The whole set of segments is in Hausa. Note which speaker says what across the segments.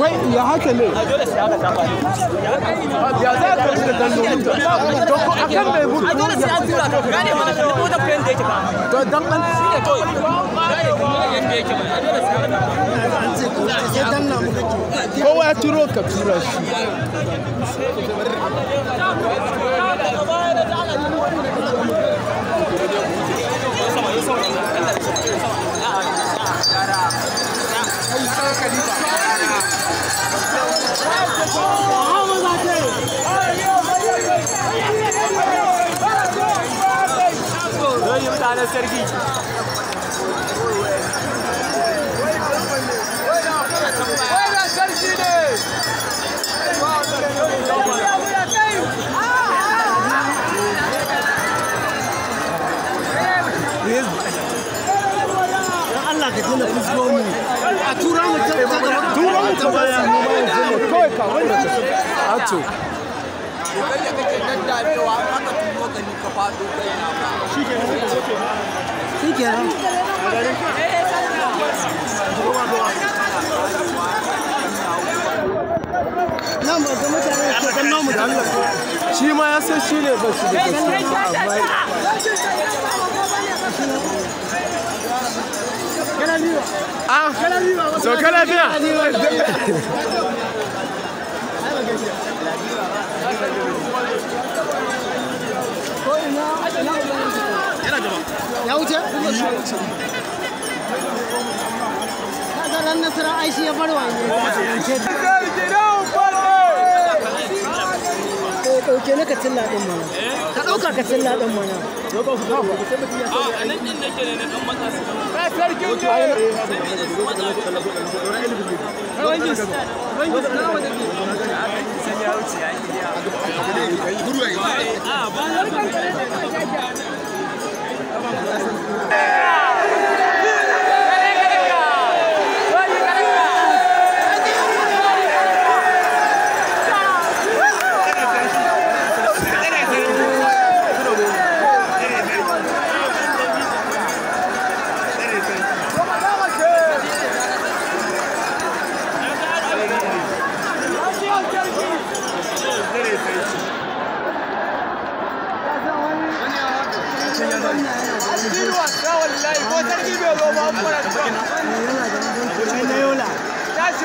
Speaker 1: wai ya haka ne ya za a dole sai an tura ka kowa ya turo ka tura shi Sarki yanzu don Allah ka tuna fusgo mu a tura mu ta gaba tura mu ta baya mu ba mu da kake daddabewa aka tuno ka ni ka shi ma ya san shi ne ba shi da amma Ah, so kana biya. Ya wuce? Ya wuce. ya barwa. ɗauke na ka tilla ɗin mana ka ɗauka ka tilla ɗin mana a nan ɗin nake ne na ɗan matasa sarki ne a ba Cikin wasa wallahi ko sarki bai zo ba an fara tuwa. Tashi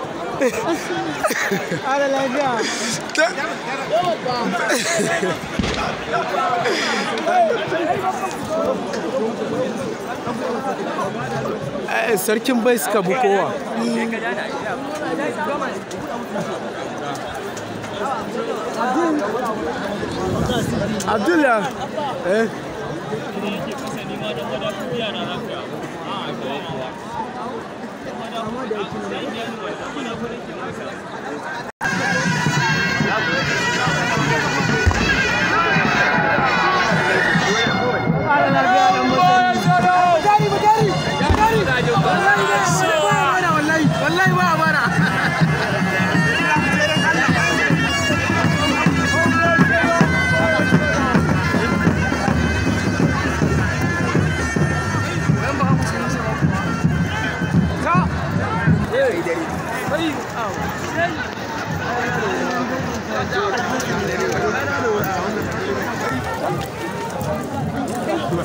Speaker 1: Ala eh, lafiya. Sarkin bai suka bi kowa. Abdullah. Eh. kama da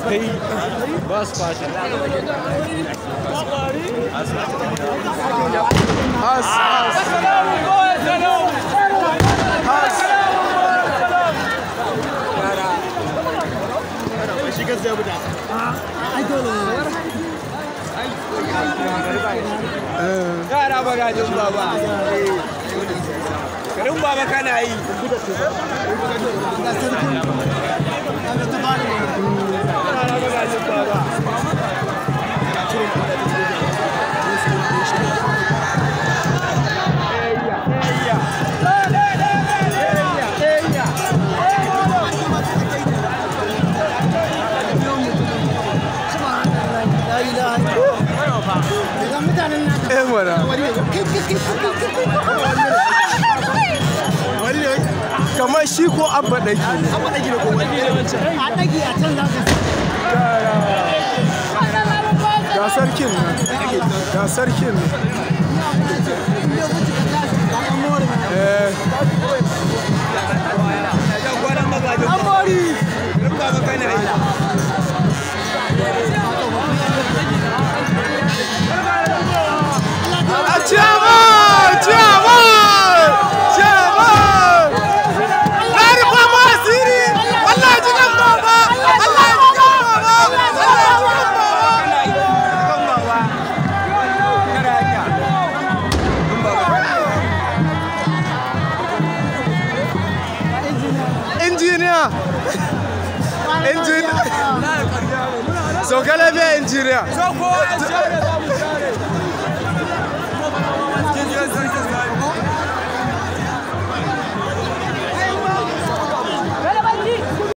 Speaker 1: kai ba su fashi bagajin baba baba kana yi kamar shi ko abba ɗaki ne abba ɗaki ne ko ɗaki ne wancan a ɗaki a can za ka ga sarkin ga sarkin So Galabia Nigeria. Nigeria.